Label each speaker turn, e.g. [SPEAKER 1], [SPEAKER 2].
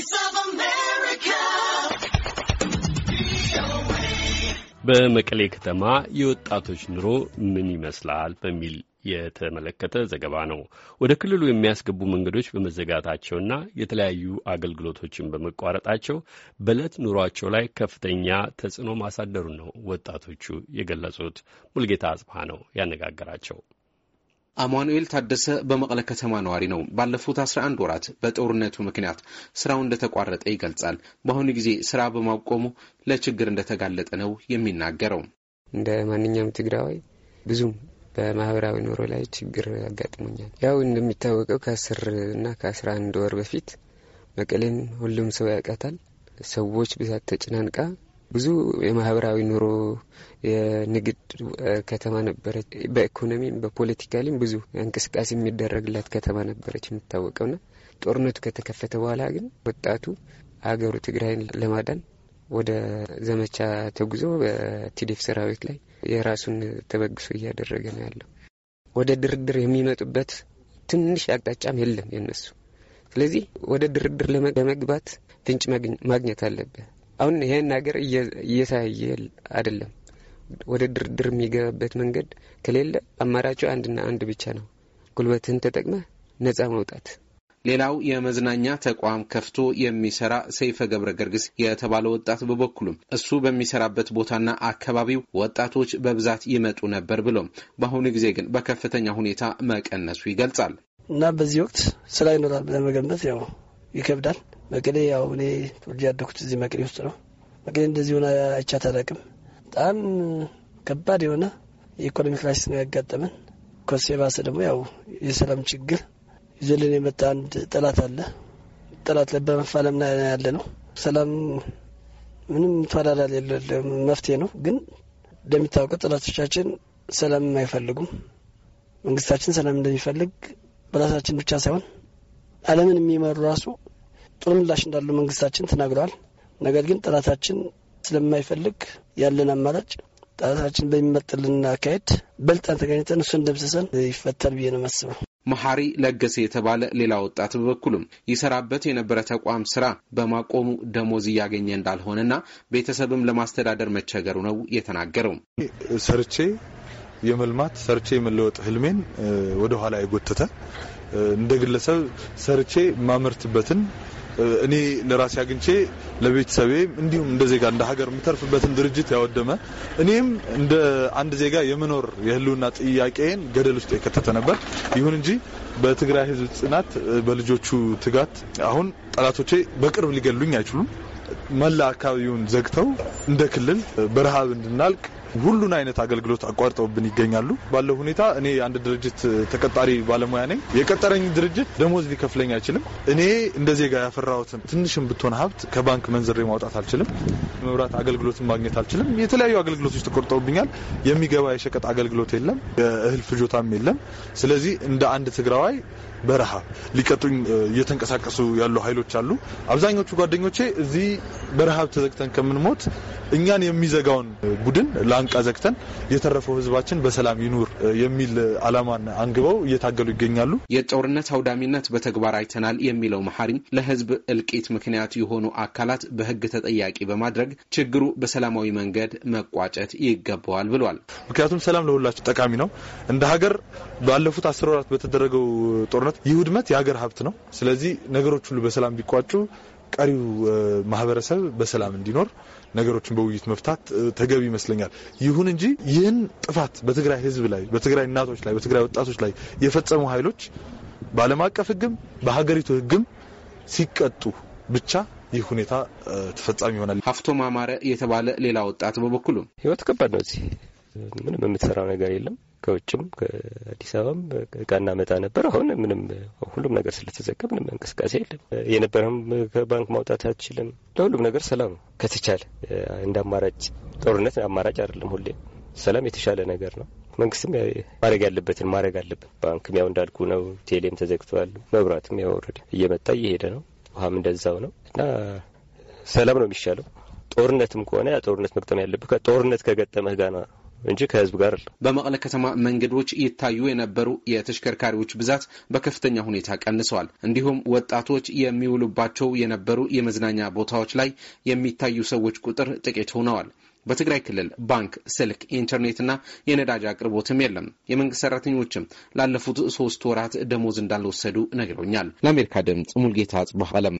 [SPEAKER 1] Voice of America.
[SPEAKER 2] በመቀሌ ከተማ የወጣቶች ኑሮ ምን ይመስላል በሚል የተመለከተ ዘገባ ነው። ወደ ክልሉ የሚያስገቡ መንገዶች በመዘጋታቸውና የተለያዩ አገልግሎቶችን በመቋረጣቸው በዕለት ኑሯቸው ላይ ከፍተኛ ተጽዕኖ ማሳደሩ ነው ወጣቶቹ የገለጹት። ሙልጌታ አጽፋ ነው ያነጋገራቸው።
[SPEAKER 3] አማኑኤል ታደሰ በመቀለ ከተማ ነዋሪ ነው። ባለፉት 11 ወራት በጦርነቱ ምክንያት ስራው እንደተቋረጠ ይገልጻል። በአሁኑ ጊዜ ስራ በማቆሙ ለችግር እንደተጋለጠ ነው የሚናገረው።
[SPEAKER 4] እንደ ማንኛውም ትግራዋይ ብዙም በማህበራዊ ኑሮ ላይ ችግር አጋጥሞኛል። ያው እንደሚታወቀው ከአስር እና ከአስራ አንድ ወር በፊት መቀሌን ሁሉም ሰው ያውቃታል። ሰዎች ብዛት ተጨናንቃ ብዙ የማህበራዊ ኑሮ የንግድ ከተማ ነበረች። በኢኮኖሚም በፖለቲካሊም ብዙ እንቅስቃሴ የሚደረግላት ከተማ ነበረች የምታወቀውና ጦርነቱ ከተከፈተ በኋላ ግን ወጣቱ አገሩ ትግራይን ለማዳን ወደ ዘመቻ ተጉዞ በቲዴፍ ሰራዊት ላይ የራሱን ተበግሶ እያደረገ ነው ያለው። ወደ ድርድር የሚመጡበት ትንሽ አቅጣጫም የለም የነሱ። ስለዚህ ወደ ድርድር ለመግባት ፍንጭ ማግኘት አለብህ። አሁን ይሄን ነገር እየሳየ አይደለም። ወደ ድርድር የሚገባበት መንገድ ከሌለ አማራጩ አንድና አንድ ብቻ ነው፣ ጉልበትህን ተጠቅመህ ነጻ መውጣት።
[SPEAKER 3] ሌላው የመዝናኛ ተቋም ከፍቶ የሚሰራ ሰይፈ ገብረ ገርግስ የተባለ ወጣት በበኩሉም እሱ በሚሰራበት ቦታና አካባቢው ወጣቶች በብዛት ይመጡ ነበር ብሎም በአሁኑ ጊዜ ግን በከፍተኛ ሁኔታ መቀነሱ ይገልጻል።
[SPEAKER 5] እና በዚህ ወቅት ስራ ይኖራል ብለህ መገመት ያው ይከብዳል። መቀሌ ያው እኔ ትውልድ ያደኩት እዚህ መቀሌ ውስጥ ነው። መቀሌ እንደዚህ ሆነ አይቻ ተረቅም በጣም ከባድ የሆነ የኢኮኖሚ ክራይሲስ ነው ያጋጠመን። ኮሴ ባሰ ደግሞ ያው የሰላም ችግር ይዘልን የመጣ አንድ ጠላት አለ። ጠላት ላይ ያለ ነው። ሰላም ምንም ተወዳዳሪ የለ መፍትሄ ነው። ግን እንደሚታወቀው ጠላቶቻችን ሰላም አይፈልጉም። መንግስታችን ሰላም እንደሚፈልግ በራሳችን ብቻ ሳይሆን ዓለምን የሚመሩ ራሱ ጥሩ ምላሽ እንዳለው መንግስታችን ተናግረዋል። ነገር ግን ጠላታችን ስለማይፈልግ ያለን አማራጭ ጠላታችን በሚመጥልን አካሄድ በልጣን ተገኝተን እሱን ደምስሰን ይፈታል ብዬ ነው የማስበው።
[SPEAKER 3] መሐሪ ለገሰ የተባለ ሌላ ወጣት በበኩሉም ይሰራበት የነበረ ተቋም ስራ በማቆሙ ደሞዝ እያገኘ እንዳልሆነና ቤተሰብም ለማስተዳደር መቸገሩ
[SPEAKER 1] ነው የተናገረው። ሰርቼ የመልማት ሰርቼ የመለወጥ ህልሜን ወደኋላ የጎተተ እንደ ግለሰብ ሰርቼ ማመርትበትን እኔ ለራሴ አግኝቼ ለቤተሰቤ እንዲሁም እንደ ዜጋ እንደ ሀገር የምተርፍበትን ድርጅት ያወደመ እኔም እንደ አንድ ዜጋ የመኖር የህልውና ጥያቄን ገደል ውስጥ የከተተ ነበር። ይሁን እንጂ በትግራይ ህዝብ ጽናት፣ በልጆቹ ትጋት አሁን ጠላቶቼ በቅርብ ሊገሉኝ አይችሉም። መላ አካባቢውን ዘግተው እንደ ክልል በረሃብ እንድናልቅ ሁሉን አይነት አገልግሎት አቋርጠውብን ይገኛሉ። ባለው ሁኔታ እኔ አንድ ድርጅት ተቀጣሪ ባለሙያ ነኝ። የቀጠረኝ ድርጅት ደሞዝ ሊከፍለኝ አይችልም። እኔ እንደ ዜጋ ያፈራሁትን ትንሽም ብትሆን ሀብት ከባንክ መንዝሬ ማውጣት አልችልም። መብራት አገልግሎትን ማግኘት አልችልም። የተለያዩ አገልግሎቶች ተቆርጠውብኛል። የሚገባ የሸቀጥ አገልግሎት የለም። የእህል ፍጆታም የለም። ስለዚህ እንደ አንድ ትግራዋይ በረሃ ሊቀጡኝ እየተንቀሳቀሱ ያሉ ኃይሎች አሉ። አብዛኞቹ ጓደኞቼ እዚህ በረሃብ ተዘግተን ከምንሞት እኛን የሚዘጋውን ቡድን ጫንቃ ዘግተን የተረፈው ህዝባችን በሰላም ይኑር የሚል አላማን አንግበው እየታገሉ ይገኛሉ። የጦርነት አውዳሚነት በተግባር አይተናል የሚለው መሐሪም ለህዝብ
[SPEAKER 3] እልቂት ምክንያት የሆኑ አካላት በህግ ተጠያቂ በማድረግ ችግሩ በሰላማዊ መንገድ
[SPEAKER 1] መቋጨት ይገባዋል ብሏል። ምክንያቱም ሰላም ለሁላችሁ ጠቃሚ ነው። እንደ ሀገር ባለፉት አስር ወራት በተደረገው ጦርነት ይህ ውድመት የሀገር ሀብት ነው። ስለዚህ ነገሮች ሁሉ በሰላም ቢቋጩ ቀሪው ማህበረሰብ በሰላም እንዲኖር ነገሮችን በውይይት መፍታት ተገቢ ይመስለኛል። ይሁን እንጂ ይህን ጥፋት በትግራይ ህዝብ ላይ፣ በትግራይ እናቶች ላይ፣ በትግራይ ወጣቶች ላይ የፈጸሙ ኃይሎች በዓለም አቀፍ ህግም በሀገሪቱ ህግም ሲቀጡ ብቻ ይህ ሁኔታ ተፈጻሚ ይሆናል። ሀፍቶ ማማረ የተባለ ሌላ ወጣት በበኩሉ
[SPEAKER 3] ህይወት ከባድ ነው። እዚህ
[SPEAKER 2] ምንም የምትሰራው ነገር የለም ከውጭም ከአዲስ አበባም እቃ እናመጣ ነበር። አሁን ምንም ሁሉም ነገር ስለተዘጋ ምንም እንቅስቃሴ የለም። የነበረም ከባንክ ማውጣት አችልም። ለሁሉም ነገር ሰላም ከተቻለ እንደ አማራጭ ጦርነት አማራጭ አይደለም። ሁሌም ሰላም የተሻለ ነገር ነው። መንግስትም ማድረግ ያለበትን ማድረግ አለበት። ባንክም ያው እንዳልኩ ነው። ቴሌም ተዘግቷል። መብራትም ያው እየመጣ እየሄደ ነው። ውሃም እንደዛው ነው እና ሰላም ነው የሚሻለው። ጦርነትም ከሆነ ያ ጦርነት መግጠም ያለብህ ጦርነት ከገጠመህ ጋር ነው እንጂ ከህዝብ ጋር አለ።
[SPEAKER 3] በመቀለ ከተማ መንገዶች ይታዩ የነበሩ የተሽከርካሪዎች ብዛት በከፍተኛ ሁኔታ ቀንሰዋል። እንዲሁም ወጣቶች የሚውሉባቸው የነበሩ የመዝናኛ ቦታዎች ላይ የሚታዩ ሰዎች ቁጥር ጥቂት ሆነዋል። በትግራይ ክልል ባንክ፣ ስልክ፣ ኢንተርኔትና የነዳጅ አቅርቦትም የለም። የመንግስት ሰራተኞችም ላለፉት ሶስት ወራት ደሞዝ እንዳልወሰዱ ነግሮኛል። ለአሜሪካ ድምፅ ሙልጌታ አለም